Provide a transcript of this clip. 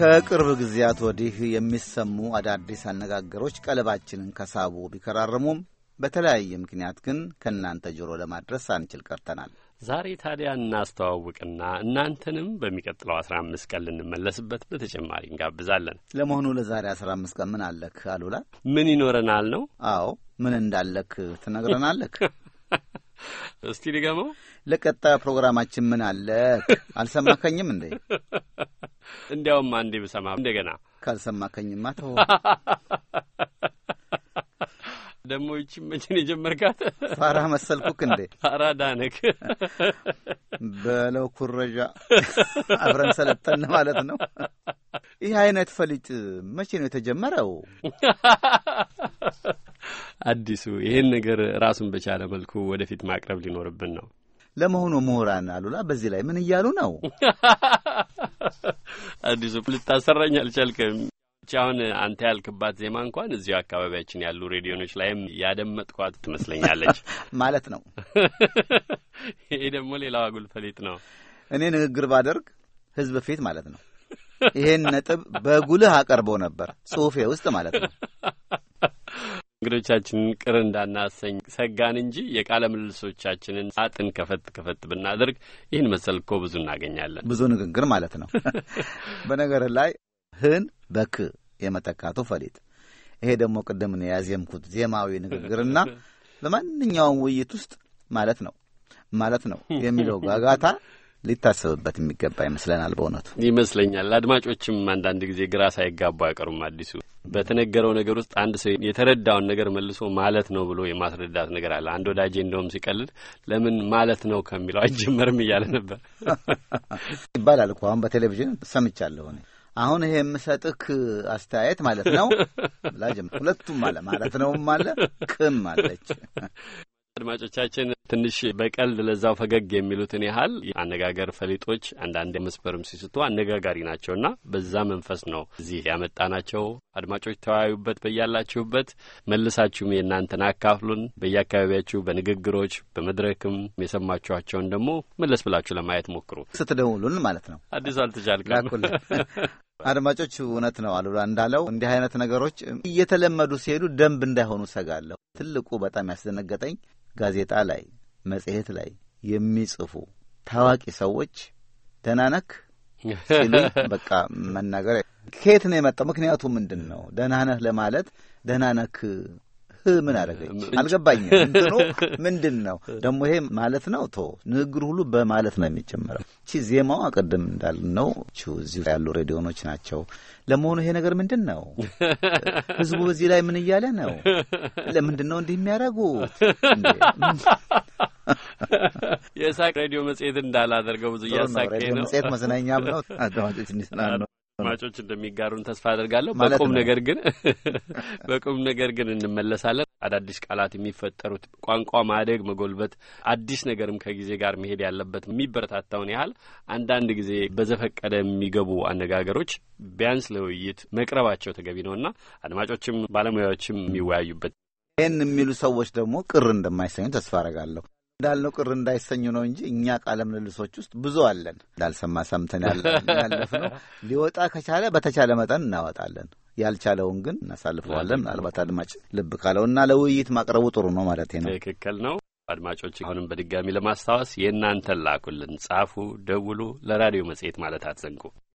ከቅርብ ጊዜያት ወዲህ የሚሰሙ አዳዲስ አነጋገሮች ቀለባችንን ከሳቡ ቢከራረሙም በተለያየ ምክንያት ግን ከእናንተ ጆሮ ለማድረስ አንችል ቀርተናል። ዛሬ ታዲያ እናስተዋውቅና እናንተንም በሚቀጥለው አስራ አምስት ቀን ልንመለስበት በተጨማሪ እንጋብዛለን። ለመሆኑ ለዛሬ አስራ አምስት ቀን ምን አለክ አሉላ? ምን ይኖረናል ነው? አዎ ምን እንዳለክ ትነግረናለክ። እስቲ ድገመው። ለቀጣዩ ፕሮግራማችን ምን አለ? አልሰማከኝም እንዴ? እንዲያውም አንዴ ብሰማ እንደገና ካልሰማከኝማ ተው። ደግሞ ይቺ መቼን የጀመርካት? ፋራ መሰልኩክ እንዴ? ፋራ ዳነክ በለው ኩረዣ አብረን ሰለጠን ማለት ነው። ይህ አይነት ፈሊጥ መቼ ነው የተጀመረው? አዲሱ ይሄን ነገር ራሱን በቻለ መልኩ ወደፊት ማቅረብ ሊኖርብን ነው። ለመሆኑ ምሁራን አሉላ በዚህ ላይ ምን እያሉ ነው? አዲሱ ልታሰራኝ አልቻልክም። አሁን አንተ ያልክባት ዜማ እንኳን እዚሁ አካባቢያችን ያሉ ሬዲዮኖች ላይም ያደመጥኳት ትመስለኛለች ማለት ነው። ይሄ ደግሞ ሌላው አጉል ፈሊጥ ነው። እኔ ንግግር ባደርግ ህዝብ ፊት ማለት ነው። ይሄን ነጥብ በጉልህ አቀርበው ነበር ጽሁፌ ውስጥ ማለት ነው። እንግዶቻችንን ቅር እንዳናሰኝ ሰጋን እንጂ የቃለ ምልልሶቻችንን ሳጥን ከፈት ከፈት ብናደርግ ይህን መሰል እኮ ብዙ እናገኛለን። ብዙ ንግግር ማለት ነው። በነገር ላይ ህን በክ የመተካቱ ፈሊጥ ይሄ ደግሞ ቅድም ነው ያዜምኩት ዜማዊ ንግግርና በማንኛውም ውይይት ውስጥ ማለት ነው ማለት ነው የሚለው ጋጋታ ሊታሰብበት የሚገባ ይመስለናል። በእውነቱ ይመስለኛል። አድማጮችም አንዳንድ ጊዜ ግራ ሳይጋቡ አይቀሩም አዲሱ በተነገረው ነገር ውስጥ አንድ ሰው የተረዳውን ነገር መልሶ ማለት ነው ብሎ የማስረዳት ነገር አለ። አንድ ወዳጄ እንደውም ሲቀልድ ለምን ማለት ነው ከሚለው አይጀመርም እያለ ነበር ይባላል እኮ አሁን በቴሌቪዥን ሰምቻለሁ። አሁን ይሄ የምሰጥህ አስተያየት ማለት ነው ላጀም ሁለቱም አለ ማለት ነውም አለ ክም አለች። አድማጮቻችን ትንሽ በቀልድ ለዛው ፈገግ የሚሉትን ያህል አነጋገር ፈሊጦች አንዳንድ መስመርም ሲስቱ አነጋጋሪ ናቸውና በዛ መንፈስ ነው እዚህ ያመጣናቸው። አድማጮች ተወያዩበት፣ በያላችሁበት መልሳችሁም የእናንተን አካፍሉን። በየአካባቢያችሁ በንግግሮች በመድረክም የሰማችኋቸውን ደግሞ መለስ ብላችሁ ለማየት ሞክሩ። ስትደውሉን ማለት ነው። አዲሱ አልተቻልክም። አድማጮች እውነት ነው አሉላ እንዳለው እንዲህ አይነት ነገሮች እየተለመዱ ሲሄዱ ደንብ እንዳይሆኑ ሰጋለሁ። ትልቁ በጣም ያስደነገጠኝ ጋዜጣ ላይ መጽሔት ላይ የሚጽፉ ታዋቂ ሰዎች ደህና ነህ በቃ መናገር ከየት ነው የመጣው? ምክንያቱ ምንድን ነው? ደህና ነህ ለማለት ደህና ነህ ምን አደረገች አልገባኝም። እንትኑ ምንድን ነው ደግሞ ይሄ ማለት ነው። ቶ ንግግሩ ሁሉ በማለት ነው የሚጀምረው። እቺ ዜማዋ ቅድም እንዳልነው እዚህ ያሉ ሬዲዮኖች ናቸው። ለመሆኑ ይሄ ነገር ምንድን ነው? ህዝቡ በዚህ ላይ ምን እያለ ነው? ለምንድን ነው እንዲህ የሚያደርጉት? የእሳቅ ሬዲዮ መጽሔት እንዳላደርገው ብዙ እያሳቀኝ ነው። መጽሔት መዝናኛም ነው። አድማጮች ነው አድማጮች እንደሚጋሩን ተስፋ አድርጋለሁ። በቁም ነገር ግን በቁም ነገር ግን እንመለሳለን። አዳዲስ ቃላት የሚፈጠሩት ቋንቋ ማደግ መጎልበት፣ አዲስ ነገርም ከጊዜ ጋር መሄድ ያለበት የሚበረታታውን ያህል አንዳንድ ጊዜ በዘፈቀደ የሚገቡ አነጋገሮች ቢያንስ ለውይይት መቅረባቸው ተገቢ ነውና አድማጮችም ባለሙያዎችም የሚወያዩበት ይህን የሚሉ ሰዎች ደግሞ ቅር እንደማይሰኙ ተስፋ አረጋለሁ። እንዳልነው ቅር እንዳይሰኙ ነው እንጂ እኛ ቃለ ምልልሶች ውስጥ ብዙ አለን። እንዳልሰማ ሰምተን ነው። ሊወጣ ከቻለ በተቻለ መጠን እናወጣለን። ያልቻለውን ግን እናሳልፈዋለን። ምናልባት አድማጭ ልብ ካለው እና ለውይይት ማቅረቡ ጥሩ ነው ማለት ነው። ትክክል ነው። አድማጮች አሁንም በድጋሚ ለማስታወስ የእናንተን ላኩልን፣ ጻፉ፣ ደውሉ። ለራዲዮ መጽሔት ማለት አትዘንጉ።